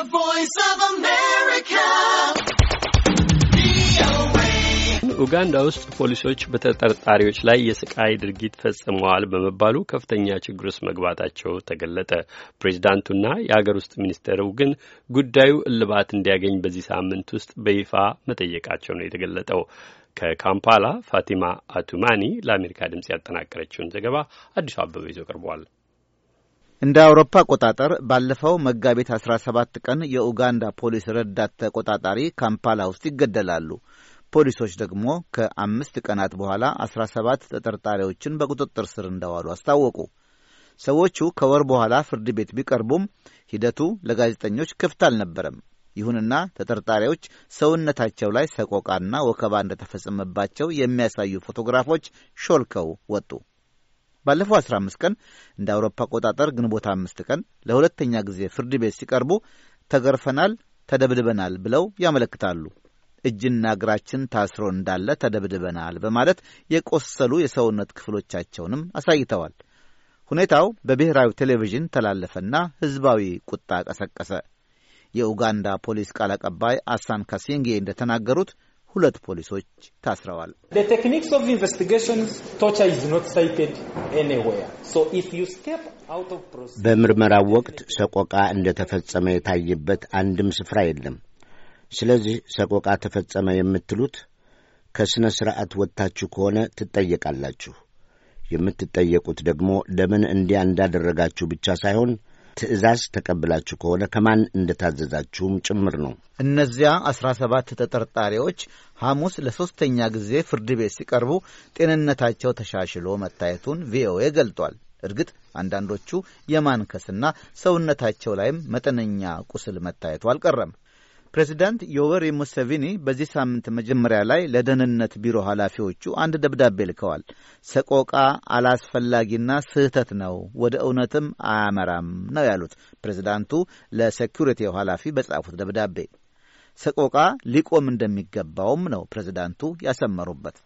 The Voice of America. ኡጋንዳ ውስጥ ፖሊሶች በተጠርጣሪዎች ላይ የስቃይ ድርጊት ፈጽመዋል በመባሉ ከፍተኛ ችግር ውስጥ መግባታቸው ተገለጠ። ፕሬዚዳንቱና የአገር ውስጥ ሚኒስቴሩ ግን ጉዳዩ እልባት እንዲያገኝ በዚህ ሳምንት ውስጥ በይፋ መጠየቃቸው ነው የተገለጠው። ከካምፓላ ፋቲማ አቱማኒ ለአሜሪካ ድምፅ ያጠናቀረችውን ዘገባ አዲሱ አበበ ይዞ ቀርቧል። እንደ አውሮፓ አቆጣጠር ባለፈው መጋቢት 17 ቀን የኡጋንዳ ፖሊስ ረዳት ተቆጣጣሪ ካምፓላ ውስጥ ይገደላሉ። ፖሊሶች ደግሞ ከአምስት ቀናት በኋላ 17 ተጠርጣሪዎችን በቁጥጥር ስር እንደዋሉ አስታወቁ። ሰዎቹ ከወር በኋላ ፍርድ ቤት ቢቀርቡም ሂደቱ ለጋዜጠኞች ክፍት አልነበረም። ይሁንና ተጠርጣሪዎች ሰውነታቸው ላይ ሰቆቃና ወከባ እንደተፈጸመባቸው የሚያሳዩ ፎቶግራፎች ሾልከው ወጡ። ባለፈው 15 ቀን እንደ አውሮፓ አቆጣጠር ግንቦት አምስት ቀን ለሁለተኛ ጊዜ ፍርድ ቤት ሲቀርቡ ተገርፈናል፣ ተደብድበናል ብለው ያመለክታሉ። እጅና እግራችን ታስሮ እንዳለ ተደብድበናል በማለት የቆሰሉ የሰውነት ክፍሎቻቸውንም አሳይተዋል። ሁኔታው በብሔራዊ ቴሌቪዥን ተላለፈና ሕዝባዊ ቁጣ ቀሰቀሰ። የኡጋንዳ ፖሊስ ቃል አቀባይ አሳን ካሲንጌ እንደተናገሩት ሁለት ፖሊሶች ታስረዋል። በምርመራው ወቅት ሰቆቃ እንደተፈጸመ የታየበት አንድም ስፍራ የለም። ስለዚህ ሰቆቃ ተፈጸመ የምትሉት ከሥነ ሥርዓት ወጥታችሁ ከሆነ ትጠየቃላችሁ። የምትጠየቁት ደግሞ ለምን እንዲያ እንዳደረጋችሁ ብቻ ሳይሆን ትዕዛዝ ተቀብላችሁ ከሆነ ከማን እንደታዘዛችሁም ጭምር ነው። እነዚያ አስራ ሰባት ተጠርጣሪዎች ሐሙስ ለሦስተኛ ጊዜ ፍርድ ቤት ሲቀርቡ ጤንነታቸው ተሻሽሎ መታየቱን ቪኦኤ ገልጧል። እርግጥ አንዳንዶቹ የማንከስና ሰውነታቸው ላይም መጠነኛ ቁስል መታየቱ አልቀረም። ፕሬዚዳንት ዮወሪ ሙሴቪኒ በዚህ ሳምንት መጀመሪያ ላይ ለደህንነት ቢሮ ኃላፊዎቹ አንድ ደብዳቤ ልከዋል። ሰቆቃ አላስፈላጊና ስህተት ነው፣ ወደ እውነትም አያመራም ነው ያሉት ፕሬዚዳንቱ ለሴኩሪቲው ኃላፊ በጻፉት ደብዳቤ። ሰቆቃ ሊቆም እንደሚገባውም ነው ፕሬዚዳንቱ ያሰመሩበት።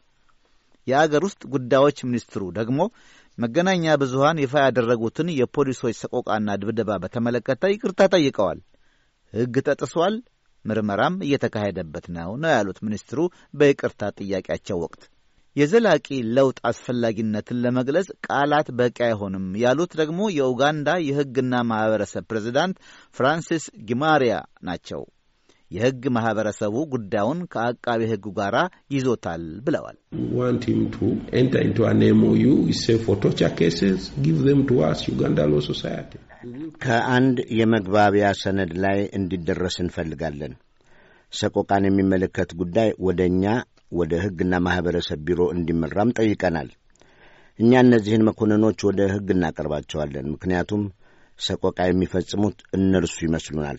የአገር ውስጥ ጉዳዮች ሚኒስትሩ ደግሞ መገናኛ ብዙሃን ይፋ ያደረጉትን የፖሊሶች ሰቆቃና ድብደባ በተመለከተ ይቅርታ ጠይቀዋል። ሕግ ተጥሷል፣ ምርመራም እየተካሄደበት ነው ነው ያሉት ሚኒስትሩ በይቅርታ ጥያቄያቸው ወቅት የዘላቂ ለውጥ አስፈላጊነትን ለመግለጽ ቃላት በቂ አይሆንም ያሉት ደግሞ የኡጋንዳ የሕግና ማኅበረሰብ ፕሬዚዳንት ፍራንሲስ ጊማሪያ ናቸው። የሕግ ማህበረሰቡ ጉዳዩን ከአቃቢ ሕጉ ጋር ይዞታል ብለዋል። ከአንድ የመግባቢያ ሰነድ ላይ እንዲደረስ እንፈልጋለን። ሰቆቃን የሚመለከት ጉዳይ ወደ እኛ ወደ ሕግና ማኅበረሰብ ቢሮ እንዲመራም ጠይቀናል። እኛ እነዚህን መኮንኖች ወደ ሕግ እናቀርባቸዋለን። ምክንያቱም ሰቆቃ የሚፈጽሙት እነርሱ ይመስሉናል።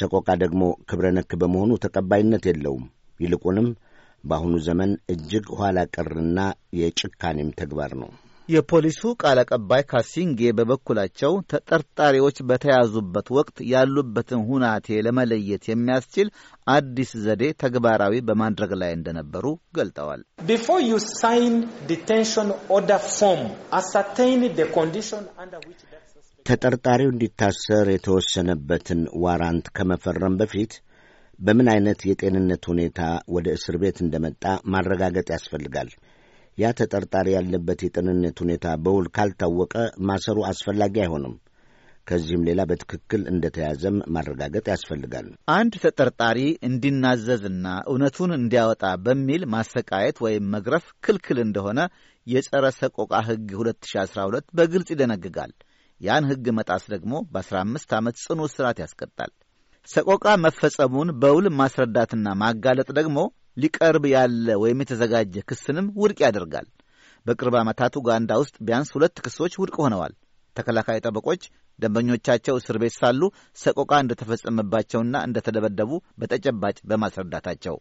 ሰቆቃ ደግሞ ክብረ ነክ በመሆኑ ተቀባይነት የለውም። ይልቁንም በአሁኑ ዘመን እጅግ ኋላ ቀርና የጭካኔም ተግባር ነው። የፖሊሱ ቃል አቀባይ ካሲንጌ በበኩላቸው ተጠርጣሪዎች በተያዙበት ወቅት ያሉበትን ሁናቴ ለመለየት የሚያስችል አዲስ ዘዴ ተግባራዊ በማድረግ ላይ እንደነበሩ ገልጠዋል። ተጠርጣሪው እንዲታሰር የተወሰነበትን ዋራንት ከመፈረም በፊት በምን አይነት የጤንነት ሁኔታ ወደ እስር ቤት እንደመጣ ማረጋገጥ ያስፈልጋል። ያ ተጠርጣሪ ያለበት የጤንነት ሁኔታ በውል ካልታወቀ ማሰሩ አስፈላጊ አይሆንም። ከዚህም ሌላ በትክክል እንደተያዘም ማረጋገጥ ያስፈልጋል። አንድ ተጠርጣሪ እንዲናዘዝና እውነቱን እንዲያወጣ በሚል ማሰቃየት ወይም መግረፍ ክልክል እንደሆነ የጸረ ሰቆቃ ሕግ 2012 በግልጽ ይደነግጋል። ያን ሕግ መጣስ ደግሞ በ15 ዓመት ጽኑ እስራት ያስቀጣል። ሰቆቃ መፈጸሙን በውል ማስረዳትና ማጋለጥ ደግሞ ሊቀርብ ያለ ወይም የተዘጋጀ ክስንም ውድቅ ያደርጋል። በቅርብ ዓመታት ኡጋንዳ ውስጥ ቢያንስ ሁለት ክሶች ውድቅ ሆነዋል። ተከላካይ ጠበቆች ደንበኞቻቸው እስር ቤት ሳሉ ሰቆቃ እንደተፈጸመባቸውና እንደተደበደቡ በተጨባጭ በማስረዳታቸው